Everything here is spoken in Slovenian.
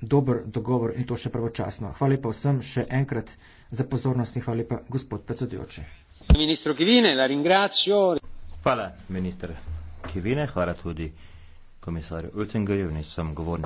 dober dogovor in to še pravočasno. Hvala lepa vsem še enkrat za pozornost in hvala lepa gospod predsedujoči. Hvala, minister Kivine, hvala tudi komisarju Utengerju in sem govornik.